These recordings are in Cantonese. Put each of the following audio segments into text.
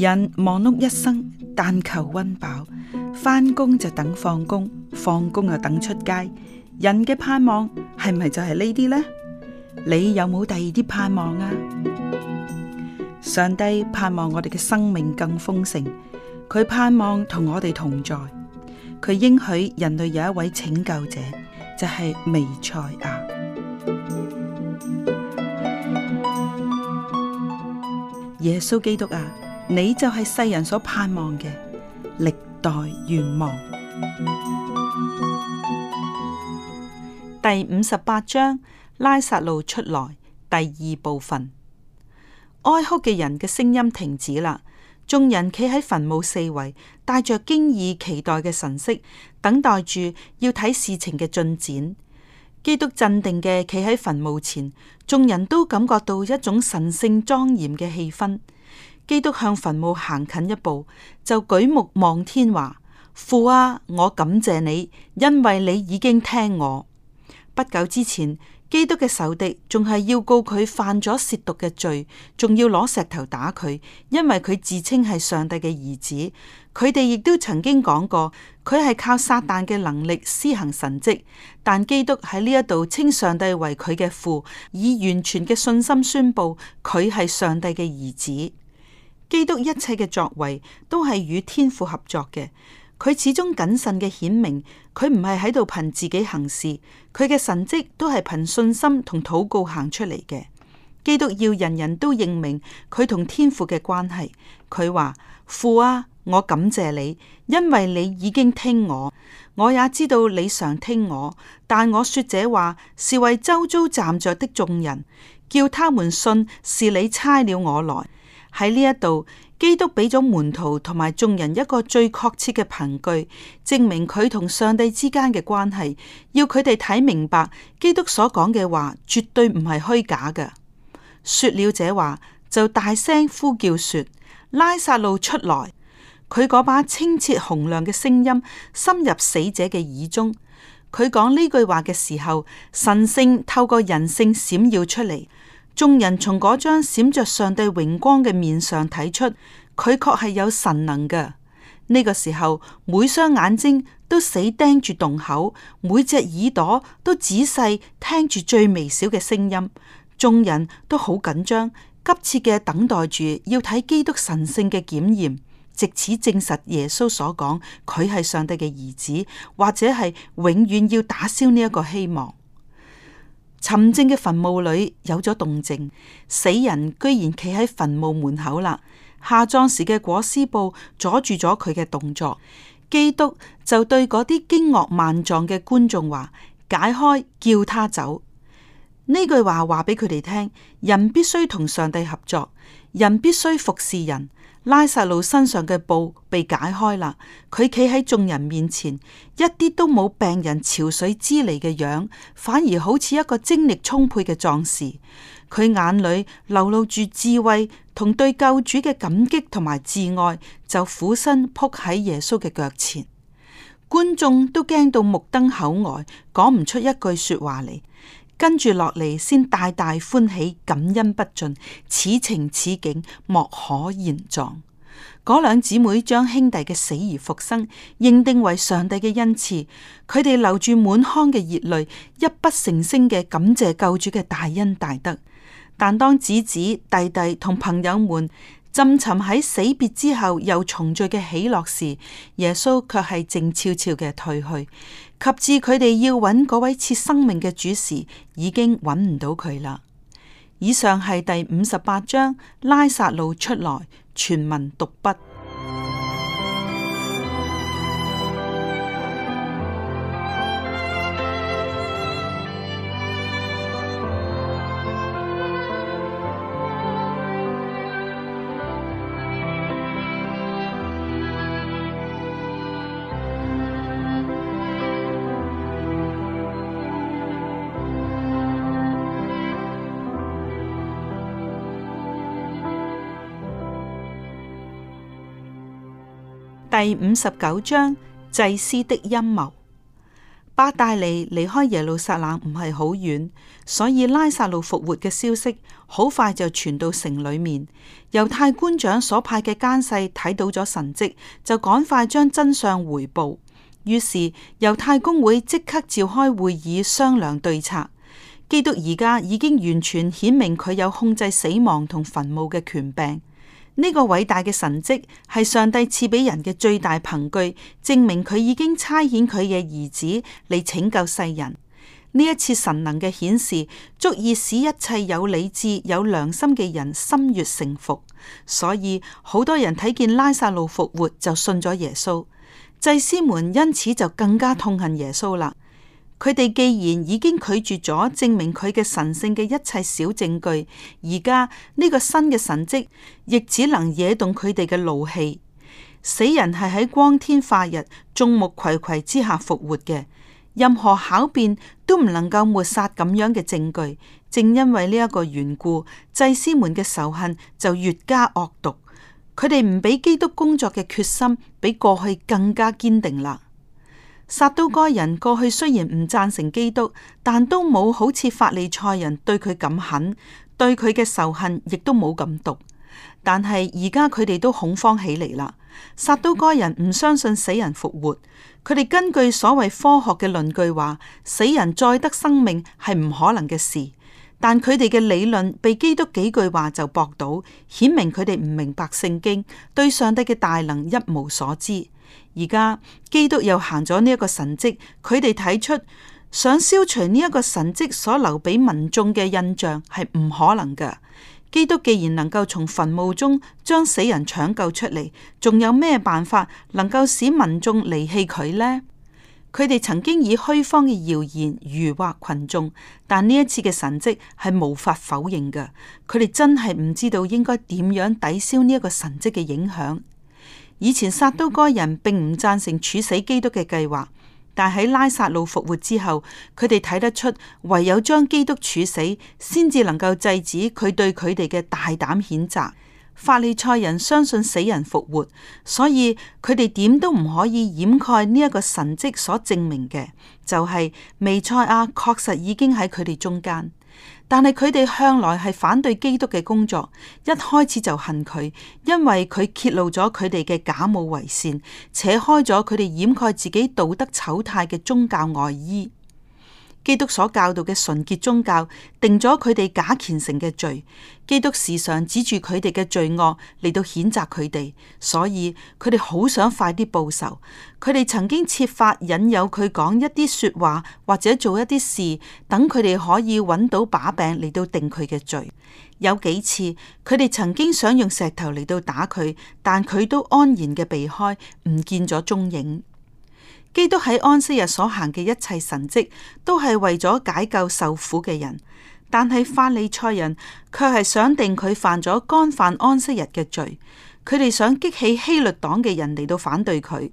人忙碌一生，但求溫飽，翻工就等放工，放工又等出街。人嘅盼望係咪就係呢啲呢？你有冇第二啲盼望啊？上帝盼望我哋嘅生命更豐盛，佢盼望同我哋同在，佢應許人類有一位拯救者，就係彌賽亞耶穌基督啊！你就係世人所盼望嘅歷代願望。第五十八章拉撒路出來第二部分，哀哭嘅人嘅聲音停止啦。眾人企喺墳墓四圍，帶着驚異期待嘅神色，等待住要睇事情嘅進展。基督鎮定嘅企喺墳墓前，眾人都感覺到一種神聖莊嚴嘅氣氛。基督向墳墓行近一步，就舉目望天，話，父啊，我感謝你，因為你已經聽我。不久之前，基督嘅仇敵仲係要告佢犯咗褻瀆嘅罪，仲要攞石頭打佢，因為佢自稱係上帝嘅兒子。佢哋亦都曾經講過，佢係靠撒旦嘅能力施行神蹟，但基督喺呢一度稱上帝為佢嘅父，以完全嘅信心宣布佢係上帝嘅兒子。基督一切嘅作為都係與天父合作嘅，佢始終謹慎嘅顯明，佢唔係喺度憑自己行事，佢嘅神迹都係憑信心同禱告行出嚟嘅。基督要人人都認明佢同天父嘅關係。佢話：父啊，我感謝你，因為你已經聽我，我也知道你常聽我，但我說這話，是為周遭站着的眾人，叫他們信，是你差了我來。喺呢一度，基督俾咗門徒同埋眾人一個最確切嘅憑據，證明佢同上帝之間嘅關係，要佢哋睇明白基督所講嘅話絕對唔係虛假嘅。說了這話，就大聲呼叫說：拉撒路出來！佢嗰把清澈洪亮嘅聲音深入死者嘅耳中。佢講呢句話嘅時候，神聖透過人性閃耀出嚟。眾人從嗰張閃着上帝榮光嘅面上睇出，佢確係有神能嘅。呢、這個時候，每雙眼睛都死盯住洞口，每隻耳朵都仔細聽住最微小嘅聲音。眾人都好緊張，急切嘅等待住要睇基督神聖嘅檢驗，藉此證實耶穌所講佢係上帝嘅兒子，或者係永遠要打消呢一個希望。沉靜嘅墳墓裏有咗動靜，死人居然企喺墳墓門口啦。下葬時嘅裹屍布阻住咗佢嘅動作，基督就對嗰啲驚愕萬狀嘅觀眾話：解開，叫他走。呢句話話俾佢哋聽，人必須同上帝合作，人必須服侍人。拉撒路身上嘅布被解開啦，佢企喺眾人面前，一啲都冇病人潮水之嚟嘅樣，反而好似一個精力充沛嘅壯士。佢眼裏流露住智慧同對救主嘅感激同埋摯愛，就俯身撲喺耶穌嘅腳前。觀眾都驚到目瞪口呆，講唔出一句說話嚟。跟住落嚟，先大大歡喜，感恩不盡。此情此景，莫可言狀。嗰兩姊妹將兄弟嘅死而復生認定為上帝嘅恩賜，佢哋流住滿腔嘅熱淚，泣不成聲嘅感謝救主嘅大恩大德。但當姊姊弟弟同朋友們，浸沉喺死別之後又重聚嘅喜樂時，耶穌卻係靜悄悄嘅退去，及至佢哋要揾嗰位賜生命嘅主時，已經揾唔到佢啦。以上係第五十八章拉撒路出來，全文讀畢。第五十九章祭司的陰謀。伯大尼離開耶路撒冷唔係好遠，所以拉撒路復活嘅消息好快就傳到城裏面。猶太官長所派嘅奸細睇到咗神蹟，就趕快將真相回報。於是猶太公會即刻召開會議商量對策。基督而家已經完全顯明佢有控制死亡同墳墓嘅權柄。呢個偉大嘅神蹟係上帝賜俾人嘅最大憑據，證明佢已經差遣佢嘅兒子嚟拯救世人。呢一次神能嘅顯示，足以使一切有理智、有良心嘅人心悦誠服。所以好多人睇見拉撒路復活就信咗耶穌，祭司們因此就更加痛恨耶穌啦。佢哋既然已經拒絕咗證明佢嘅神性嘅一切小證據，而家呢個新嘅神蹟亦只能惹動佢哋嘅怒氣。死人係喺光天化日、眾目睽睽之下復活嘅，任何巧辯都唔能夠抹殺咁樣嘅證據。正因為呢一個緣故，祭司們嘅仇恨就越加惡毒，佢哋唔俾基督工作嘅決心比過去更加堅定啦。撒都該人過去雖然唔贊成基督，但都冇好似法利賽人對佢咁狠，對佢嘅仇恨亦都冇咁毒。但係而家佢哋都恐慌起嚟啦。撒都該人唔相信死人復活，佢哋根據所謂科學嘅論據話，死人再得生命係唔可能嘅事。但佢哋嘅理論被基督幾句話就駁倒，顯明佢哋唔明白聖經，對上帝嘅大能一無所知。而家基督又行咗呢一個神蹟，佢哋睇出想消除呢一個神蹟所留俾民眾嘅印象係唔可能噶。基督既然能夠從墳墓中將死人搶救出嚟，仲有咩辦法能夠使民眾離棄佢呢？佢哋曾經以虛謊嘅謠言愚惑群眾，但呢一次嘅神蹟係無法否認噶。佢哋真係唔知道應該點樣抵消呢一個神蹟嘅影響。以前撒都該人并唔贊成處死基督嘅計劃，但喺拉撒路復活之後，佢哋睇得出唯有將基督處死，先至能夠制止佢對佢哋嘅大膽譴責。法利賽人相信死人復活，所以佢哋點都唔可以掩蓋呢一個神蹟所證明嘅，就係彌賽亞確實已經喺佢哋中間。但係佢哋向來係反對基督嘅工作，一開始就恨佢，因為佢揭露咗佢哋嘅假冒為善，扯開咗佢哋掩蓋自己道德醜態嘅宗教外衣。基督所教導嘅純潔宗教定咗佢哋假虔誠嘅罪，基督時常指住佢哋嘅罪惡嚟到譴責佢哋，所以佢哋好想快啲報仇。佢哋曾經設法引誘佢講一啲說話或者做一啲事，等佢哋可以揾到把柄嚟到定佢嘅罪。有幾次佢哋曾經想用石頭嚟到打佢，但佢都安然嘅避開，唔見咗蹤影。基督喺安息日所行嘅一切神蹟，都係為咗解救受苦嘅人。但係法利賽人卻係想定佢犯咗干犯安息日嘅罪，佢哋想激起希律黨嘅人嚟到反對佢。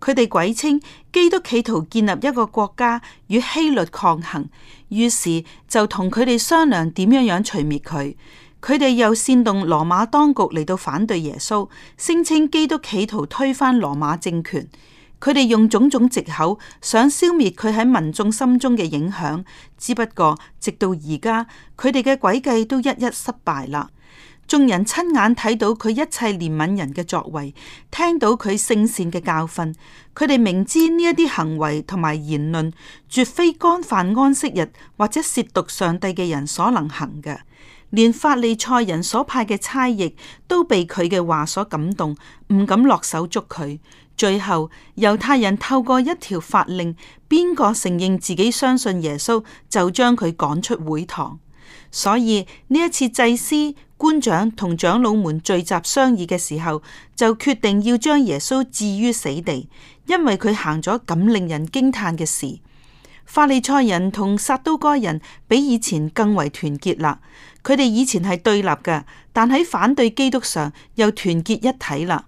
佢哋詭稱基督企圖建立一個國家與希律抗衡，於是就同佢哋商量點樣樣除滅佢。佢哋又煽動羅馬當局嚟到反對耶穌，聲稱基督企圖推翻羅馬政權。佢哋用種種藉口，想消滅佢喺民眾心中嘅影響。只不過直到而家，佢哋嘅詭計都一一失敗啦。眾人親眼睇到佢一切憐憫人嘅作為，聽到佢聖善嘅教訓，佢哋明知呢一啲行為同埋言論，絕非干犯安息日或者褻瀆上帝嘅人所能行嘅。連法利賽人所派嘅差役，都被佢嘅話所感動，唔敢落手捉佢。最後，猶太人透過一條法令，邊個承認自己相信耶穌，就將佢趕出會堂。所以呢一次祭司、官長同長老們聚集商議嘅時候，就決定要將耶穌置於死地，因為佢行咗咁令人驚嘆嘅事。法利賽人同撒都哥人比以前更為團結啦，佢哋以前係對立㗎，但喺反對基督上又團結一體啦。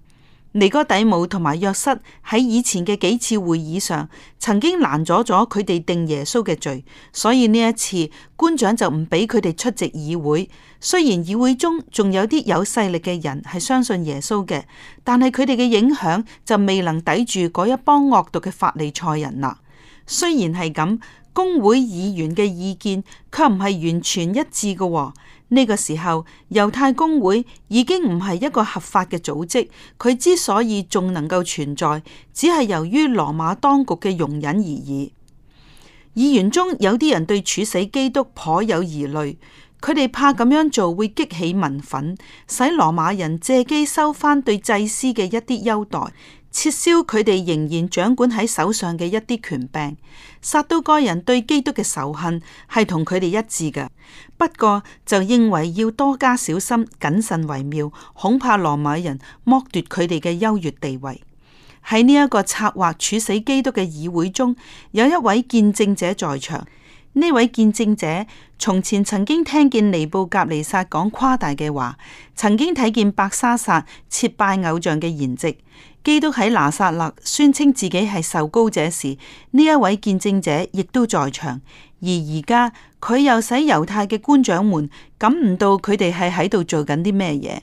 尼哥底母同埋約瑟喺以前嘅幾次會議上，曾經攔阻咗佢哋定耶穌嘅罪，所以呢一次，官長就唔俾佢哋出席議會。雖然議會中仲有啲有勢力嘅人係相信耶穌嘅，但係佢哋嘅影響就未能抵住嗰一幫惡毒嘅法利賽人啦。雖然係咁。公會議員嘅意見却唔係完全一致嘅哦。呢個時候，猶太公會已經唔係一個合法嘅組織，佢之所以仲能夠存在，只係由於羅馬當局嘅容忍而已。議員中有啲人對處死基督頗有疑慮，佢哋怕咁樣做會激起民憤，使羅馬人借機收翻對祭司嘅一啲優待。撤銷佢哋仍然掌管喺手上嘅一啲權柄，撒都該人對基督嘅仇恨係同佢哋一致嘅，不過就認為要多加小心，謹慎為妙，恐怕羅馬人剝奪佢哋嘅優越地位。喺呢一個策劃處死基督嘅議會中，有一位見證者在場。呢位見證者從前曾經聽見尼布甲尼撒講誇大嘅話，曾經睇見白沙撒撤拜偶像嘅筵席。基督喺拿撒勒宣稱自己係受膏者時，呢一位見證者亦都在場。而而家佢又使猶太嘅官長們感悟到佢哋係喺度做緊啲咩嘢。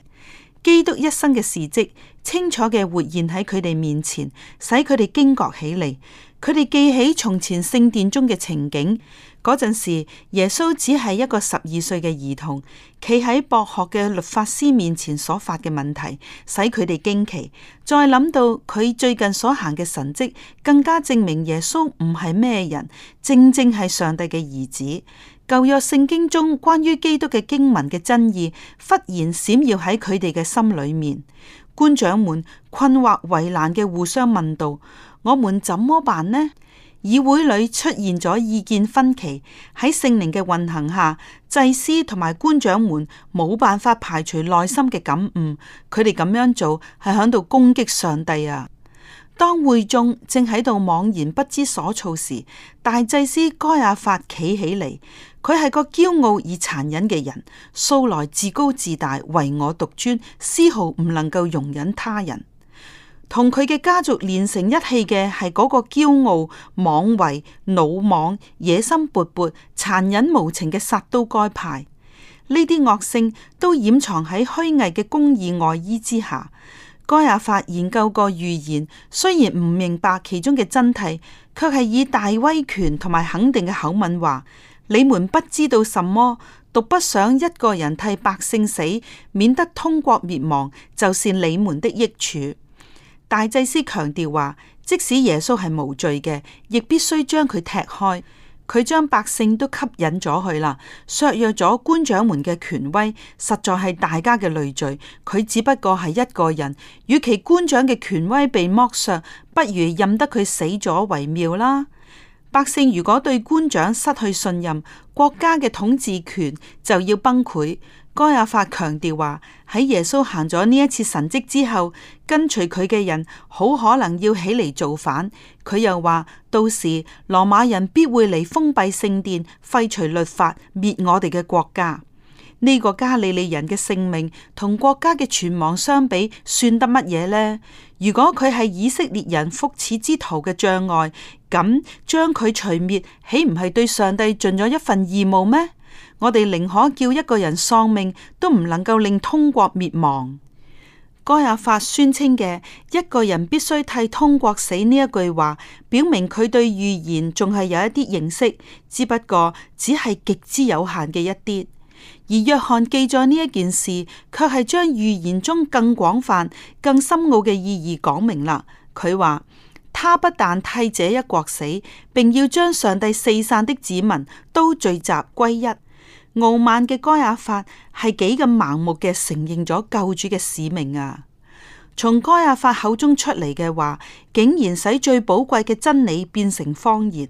基督一生嘅事跡清楚嘅活現喺佢哋面前，使佢哋驚覺起嚟。佢哋記起從前聖殿中嘅情景。嗰陣時，耶穌只係一個十二歲嘅兒童，企喺博學嘅律法師面前所發嘅問題，使佢哋驚奇。再諗到佢最近所行嘅神蹟，更加證明耶穌唔係咩人，正正係上帝嘅兒子。舊約聖經中關於基督嘅經文嘅真意，忽然閃耀喺佢哋嘅心裏面。官長們困惑為難嘅互相問道：我們怎麼辦呢？議會裏出現咗意見分歧，喺聖靈嘅運行下，祭司同埋官長們冇辦法排除內心嘅感悟，佢哋咁樣做係響度攻擊上帝啊！當會眾正喺度茫然不知所措時，大祭司該亞法企起嚟，佢係個驕傲而殘忍嘅人，素來自高自大，唯我獨尊，絲毫唔能夠容忍他人。同佢嘅家族連成一氣嘅係嗰個驕傲、妄為、魯莽、野心勃勃、殘忍無情嘅撒都該派。呢啲惡性都掩藏喺虛偽嘅公義外衣之下。該亞法研究過預言，雖然唔明白其中嘅真諦，卻係以大威權同埋肯定嘅口吻話：你們不知道什麼，獨不想一個人替百姓死，免得通國滅亡，就是你們的益處。大祭司強調話，即使耶穌係無罪嘅，亦必須將佢踢開。佢將百姓都吸引咗去啦，削弱咗官長們嘅權威，實在係大家嘅累贅。佢只不過係一個人，與其官長嘅權威被剝削，不如任得佢死咗為妙啦。百姓如果對官長失去信任，國家嘅統治權就要崩潰。哥亞法強調話，喺耶穌行咗呢一次神跡之後，跟隨佢嘅人好可能要起嚟造反。佢又話，到時羅馬人必會嚟封閉聖殿、廢除律法、滅我哋嘅國家。呢、這個加利利人嘅性命同國家嘅存亡相比，算得乜嘢呢？如果佢係以色列人福祉之途嘅障礙，咁將佢除滅，豈唔係對上帝盡咗一份義務咩？我哋寧可叫一個人喪命，都唔能夠令通國滅亡。哥亞法宣稱嘅一個人必須替通國死呢一句話，表明佢對預言仲係有一啲認識，只不過只係極之有限嘅一啲。而約翰記載呢一件事，卻係將預言中更廣泛、更深奧嘅意義講明啦。佢話，他不但替這一國死，並要將上帝四散的子民都聚集歸一。傲慢嘅該亞法係幾咁盲目嘅承認咗救主嘅使命啊！從該亞法口中出嚟嘅話，竟然使最寶貴嘅真理變成謊言。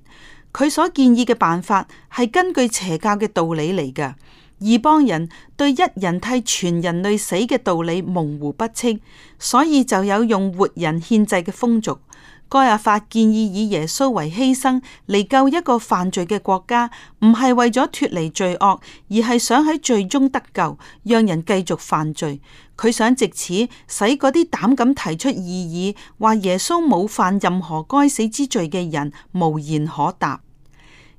佢所建議嘅辦法係根據邪教嘅道理嚟噶，異邦人對一人替全人類死嘅道理模糊不清，所以就有用活人獻祭嘅風俗。該亞法建議以耶穌為犧牲嚟，救一個犯罪嘅國家，唔係為咗脫離罪惡，而係想喺罪中得救，讓人繼續犯罪。佢想借此使嗰啲膽敢提出異議，話耶穌冇犯任何該死之罪嘅人無言可答。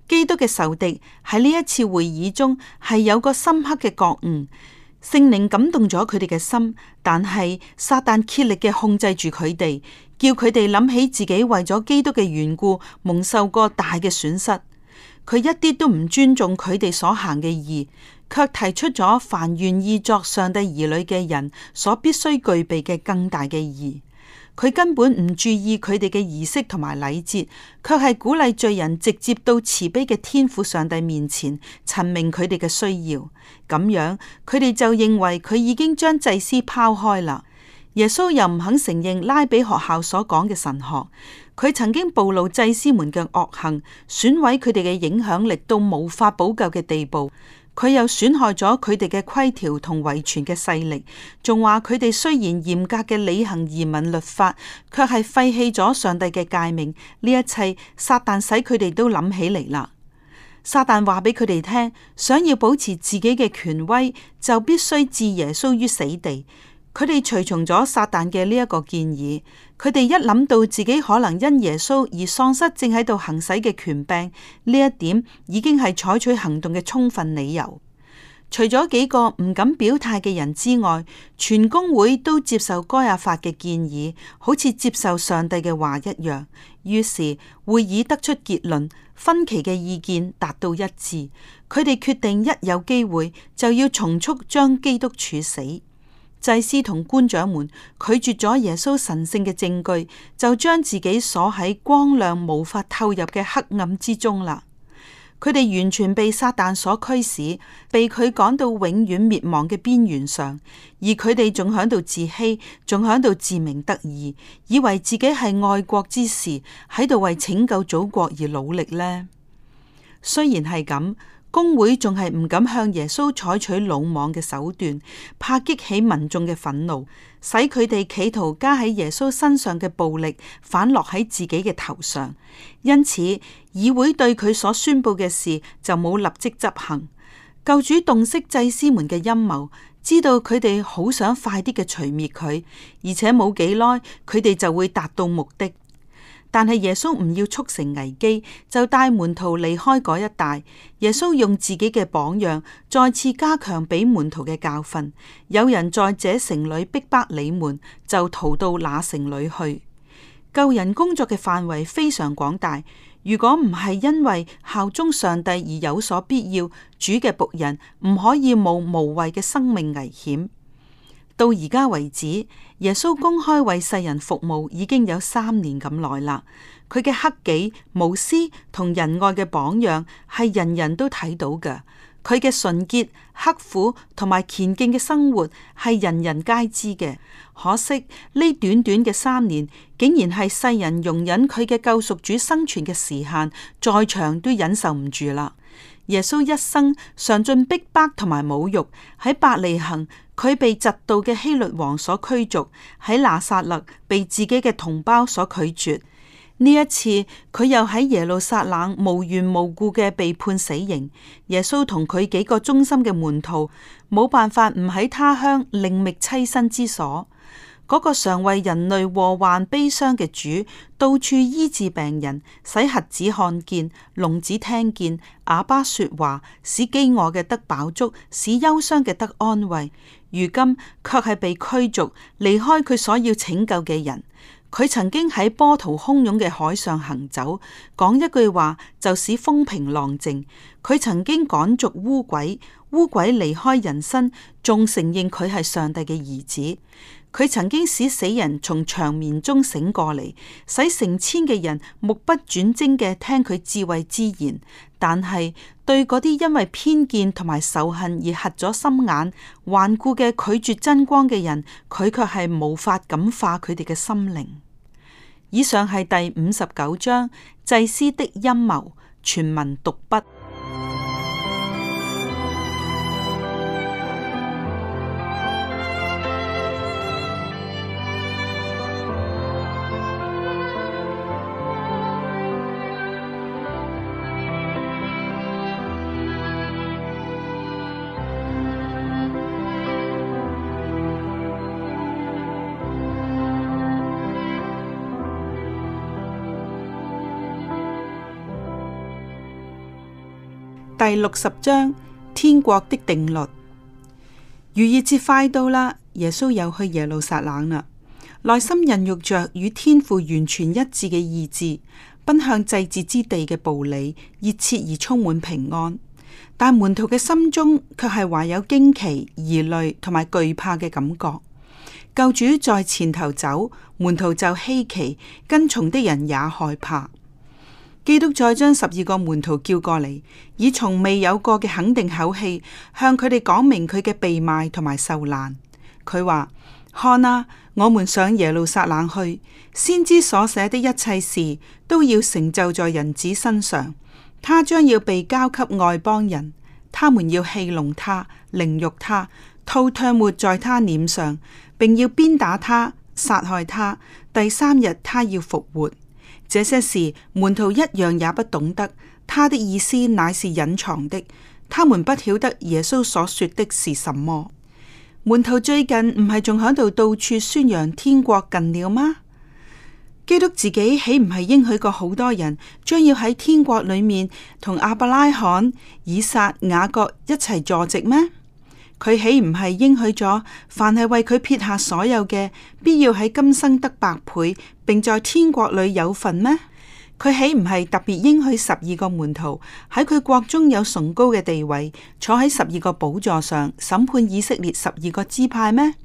基督嘅仇敵喺呢一次會議中係有個深刻嘅覺悟。聖靈感動咗佢哋嘅心，但係撒旦竭力嘅控制住佢哋，叫佢哋諗起自己為咗基督嘅緣故蒙受過大嘅損失。佢一啲都唔尊重佢哋所行嘅義，卻提出咗凡願意作上帝兒女嘅人所必須具備嘅更大嘅義。佢根本唔注意佢哋嘅儀式同埋禮節，卻係鼓勵罪人直接到慈悲嘅天父上帝面前陳明佢哋嘅需要。咁樣佢哋就認為佢已經將祭司拋開啦。耶穌又唔肯承認拉比學校所講嘅神學，佢曾經暴露祭司們嘅惡行，損毀佢哋嘅影響力到無法補救嘅地步。佢又損害咗佢哋嘅規條同遺傳嘅勢力，仲話佢哋雖然嚴格嘅履行移民律法，卻係廢棄咗上帝嘅誡命。呢一切撒旦使佢哋都諗起嚟啦。撒旦話俾佢哋聽，想要保持自己嘅權威，就必須置耶穌於死地。佢哋隨從咗撒旦嘅呢一個建議。佢哋一諗到自己可能因耶穌而喪失正喺度行使嘅權柄呢一點，已經係採取行動嘅充分理由。除咗幾個唔敢表態嘅人之外，全公會都接受該亞法嘅建議，好似接受上帝嘅話一樣。於是會議得出結論，分歧嘅意見達到一致。佢哋決定一有機會就要從速將基督處死。祭司同官長們拒絕咗耶穌神聖嘅證據，就將自己鎖喺光亮無法透入嘅黑暗之中啦。佢哋完全被撒旦所驅使，被佢趕到永遠滅亡嘅邊緣上，而佢哋仲喺度自欺，仲喺度自鳴得意，以為自己係愛國之士，喺度為拯救祖國而努力呢。雖然係咁。公會仲係唔敢向耶穌採取魯莽嘅手段，怕激起民眾嘅憤怒，使佢哋企圖加喺耶穌身上嘅暴力反落喺自己嘅頭上。因此，議會對佢所宣布嘅事就冇立即執行。救主洞悉祭、祭司們嘅陰謀，知道佢哋好想快啲嘅除滅佢，而且冇幾耐佢哋就會達到目的。但係耶穌唔要促成危機，就帶門徒離開嗰一帶。耶穌用自己嘅榜樣，再次加強俾門徒嘅教訓。有人在這城裏逼迫你們，就逃到那城裏去。救人工作嘅範圍非常廣大。如果唔係因為效忠上帝而有所必要，主嘅僕人唔可以冒無謂嘅生命危險。到而家為止，耶穌公開為世人服務已經有三年咁耐啦。佢嘅克己無私同仁愛嘅榜樣係人人都睇到嘅。佢嘅純潔、刻苦同埋虔敬嘅生活係人人皆知嘅。可惜呢短短嘅三年，竟然係世人容忍佢嘅救贖主生存嘅時限再長都忍受唔住啦。耶穌一生嘗盡逼迫同埋侮辱，喺伯利恆。佢被嫉妒嘅希律王所驅逐，喺拿撒勒被自己嘅同胞所拒絕。呢一次，佢又喺耶路撒冷無緣無故嘅被判死刑。耶穌同佢幾個忠心嘅門徒，冇辦法唔喺他鄉另覓棲身之所。嗰、這個常為人類禍患悲傷嘅主，到處醫治病人，使瞎子看見，聾子聽見，啞巴說話，使饑餓嘅得飽足，使憂傷嘅得安慰。如今卻係被驅逐，離開佢所要拯救嘅人。佢曾經喺波濤洶湧嘅海上行走，講一句話就使風平浪靜。佢曾經趕逐污鬼，污鬼離開人身，仲承認佢係上帝嘅兒子。佢曾經使死人從長眠中醒過嚟，使成千嘅人目不轉睛嘅聽佢智慧之言。但係，對嗰啲因為偏見同埋仇恨而合咗心眼，頑固嘅拒絕真光嘅人，佢卻係無法感化佢哋嘅心靈。以上係第五十九章祭司的陰謀，全文讀畢。第六十章天國的定律。逾越節快到啦，耶穌又去耶路撒冷啦。內心孕育着與天父完全一致嘅意志，奔向祭祀之地嘅步履，熱切而充滿平安。但門徒嘅心中卻係懷有驚奇、疑慮同埋懼怕嘅感覺。救主在前頭走，門徒就希奇，跟從的人也害怕。基督再將十二個門徒叫過嚟，以從未有過嘅肯定口氣向佢哋講明佢嘅被賣同埋受難。佢話：看啊，我們上耶路撒冷去，先知所寫的一切事都要成就在人子身上。他將要被交給外邦人，他們要戲弄他、凌辱他、吐唾沫在他臉上，並要鞭打他、殺害他。第三日，他要復活。這些事門徒一樣也不懂得，他的意思乃是隱藏的，他們不曉得耶穌所說的是什麼。門徒最近唔係仲喺度到處宣揚天國近了嗎？基督自己豈唔係應許過好多人將要喺天國裏面同亞伯拉罕、以撒、雅各一齊坐席咩？佢豈唔係應許咗凡係為佢撇下所有嘅，必要喺今生得百倍，並在天國裏有份咩？佢豈唔係特別應許十二個門徒喺佢國中有崇高嘅地位，坐喺十二個寶座上審判以色列十二個支派咩？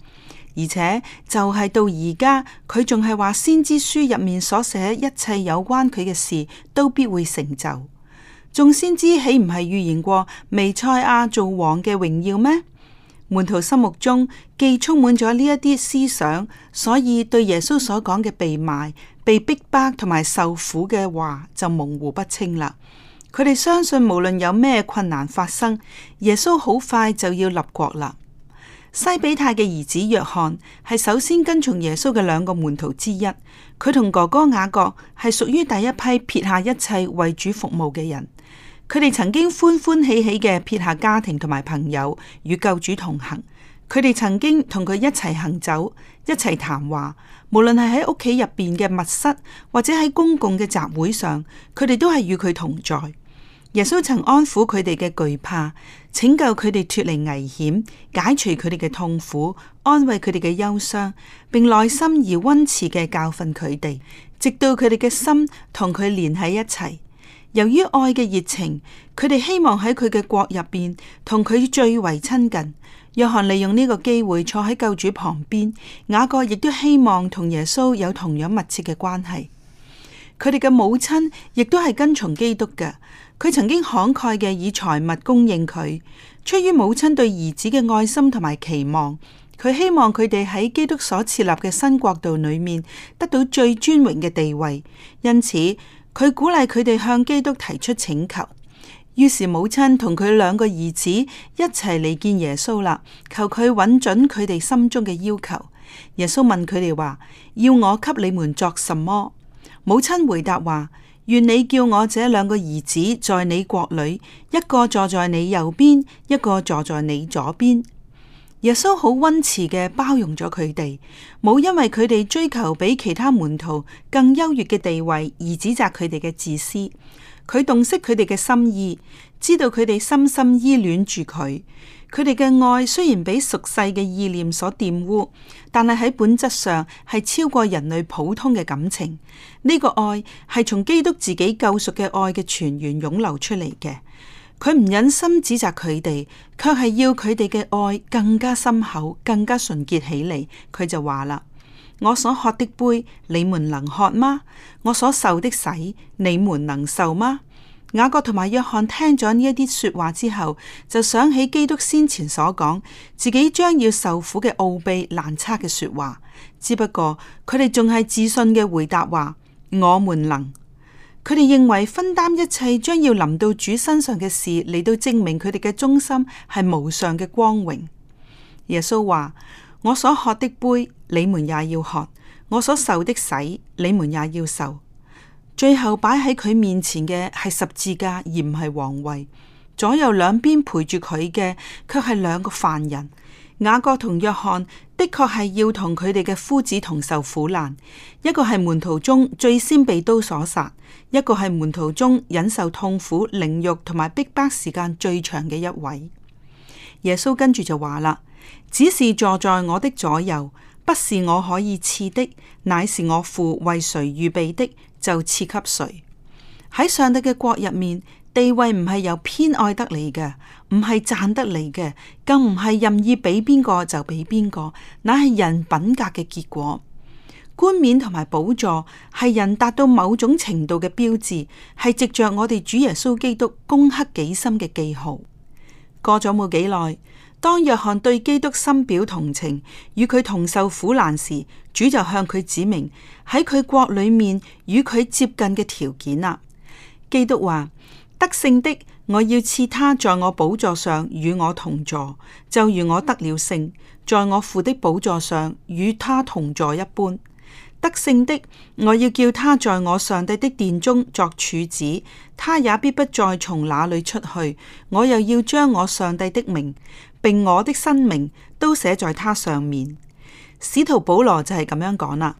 而且就係、是、到而家，佢仲係話先知書入面所寫一切有關佢嘅事都必會成就。眾先知豈唔係預言過彌賽亞做王嘅榮耀咩？門徒心目中既充滿咗呢一啲思想，所以對耶穌所講嘅被賣、被逼迫同埋受苦嘅話就模糊不清啦。佢哋相信無論有咩困難發生，耶穌好快就要立國啦。西比泰嘅兒子約翰係首先跟從耶穌嘅兩個門徒之一，佢同哥哥雅各係屬於第一批撇下一切為主服務嘅人。佢哋曾經歡歡喜喜嘅撇下家庭同埋朋友，與救主同行。佢哋曾經同佢一齊行走，一齊談話。無論係喺屋企入邊嘅密室，或者喺公共嘅集會上，佢哋都係與佢同在。耶穌曾安撫佢哋嘅懼怕，拯救佢哋脫離危險，解除佢哋嘅痛苦，安慰佢哋嘅憂傷，並耐心而溫慈嘅教訓佢哋，直到佢哋嘅心同佢連喺一齊。由於愛嘅熱情，佢哋希望喺佢嘅國入邊同佢最為親近。約翰利用呢個機會坐喺救主旁邊，雅各亦都希望同耶穌有同樣密切嘅關係。佢哋嘅母親亦都係跟從基督嘅，佢曾經慷慨嘅以財物供應佢。出於母親對兒子嘅愛心同埋期望，佢希望佢哋喺基督所設立嘅新國度裏面得到最尊榮嘅地位。因此，佢鼓勵佢哋向基督提出請求，於是母親同佢兩個兒子一齊嚟見耶穌啦，求佢允准佢哋心中嘅要求。耶穌問佢哋話：要我給你們作什麼？母親回答話：願你叫我這兩個兒子在你國裏，一個坐在你右邊，一個坐在你左邊。耶穌好溫慈嘅包容咗佢哋，冇因為佢哋追求比其他門徒更優越嘅地位而指責佢哋嘅自私。佢洞悉佢哋嘅心意，知道佢哋深深依戀住佢。佢哋嘅愛雖然俾屬世嘅意念所玷污，但係喺本質上係超過人類普通嘅感情。呢、這個愛係從基督自己救贖嘅愛嘅泉源湧流出嚟嘅。佢唔忍心指責佢哋，卻係要佢哋嘅愛更加深厚，更加純潔起嚟。佢就話啦：我所喝的杯，你們能喝嗎？我所受的洗，你們能受嗎？雅各同埋約翰聽咗呢一啲說話之後，就想起基督先前所講自己將要受苦嘅奧秘難測嘅說話。只不過佢哋仲係自信嘅回答話：我們能。佢哋認為分擔一切將要臨到主身上嘅事，嚟到證明佢哋嘅忠心係無上嘅光榮。耶穌話：我所喝的杯，你們也要喝；我所受的洗，你們也要受。最後擺喺佢面前嘅係十字架，而唔係王位。左右兩邊陪住佢嘅，卻係兩個犯人。雅各同約翰的確係要同佢哋嘅夫子同受苦難，一個係門徒中最先被刀所殺，一個係門徒中忍受痛苦、凌辱同埋逼迫時間最長嘅一位。耶穌跟住就話啦：只是坐在我的左右，不是我可以賜的，乃是我父為誰預備的，就賜給誰。喺上帝嘅國入面。.地位唔係由偏愛得嚟嘅，唔係賺得嚟嘅，更唔係任意俾邊個就俾邊個，乃係人品格嘅結果。冠冕同埋寶座係人達到某種程度嘅標誌，係藉着我哋主耶穌基督攻克己心嘅記號。過咗冇幾耐，當約翰對基督深表同情，與佢同受苦難時，主就向佢指明喺佢國裏面與佢接近嘅條件啦。基督話。得勝的，我要賜他在我寶座上與我同坐，就如我得了勝，在我父的寶座上與他同坐一般。得勝的，我要叫他在我上帝的殿中作柱子，他也必不再從那裏出去。我又要將我上帝的名，並我的新名都寫在他上面。使徒保羅就係咁樣講啦。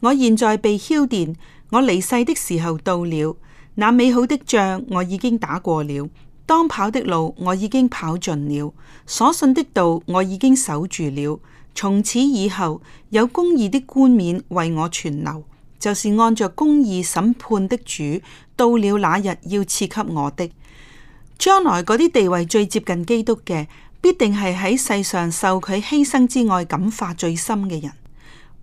我現在被澆奠，我離世的時候到了。那美好的仗我已經打過了，當跑的路我已經跑盡了，所信的道我已經守住了。從此以後，有公義的冠冕為我存留，就是按着公義審判的主，到了那日要賜給我的。將來嗰啲地位最接近基督嘅，必定係喺世上受佢犧牲之愛感化最深嘅人。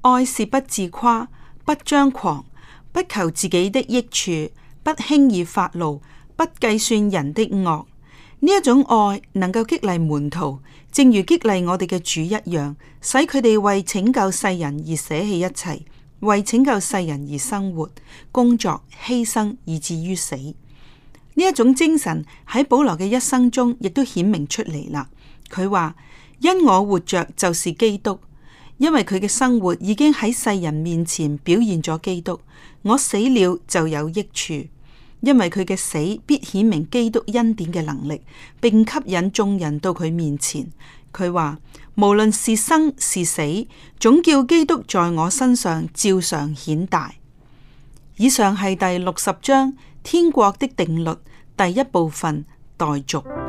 愛是不自誇，不張狂，不求自己的益處。不輕易發怒，不計算人的惡，呢一種愛能夠激勵門徒，正如激勵我哋嘅主一樣，使佢哋為拯救世人而捨棄一切，為拯救世人而生活、工作、犧牲，以至於死。呢一種精神喺保羅嘅一生中，亦都顯明出嚟啦。佢話：因我活着就是基督。因為佢嘅生活已經喺世人面前表現咗基督，我死了就有益處，因為佢嘅死必顯明基督恩典嘅能力，並吸引眾人到佢面前。佢話，無論是生是死，總叫基督在我身上照常顯大。以上係第六十章天國的定律第一部分待續。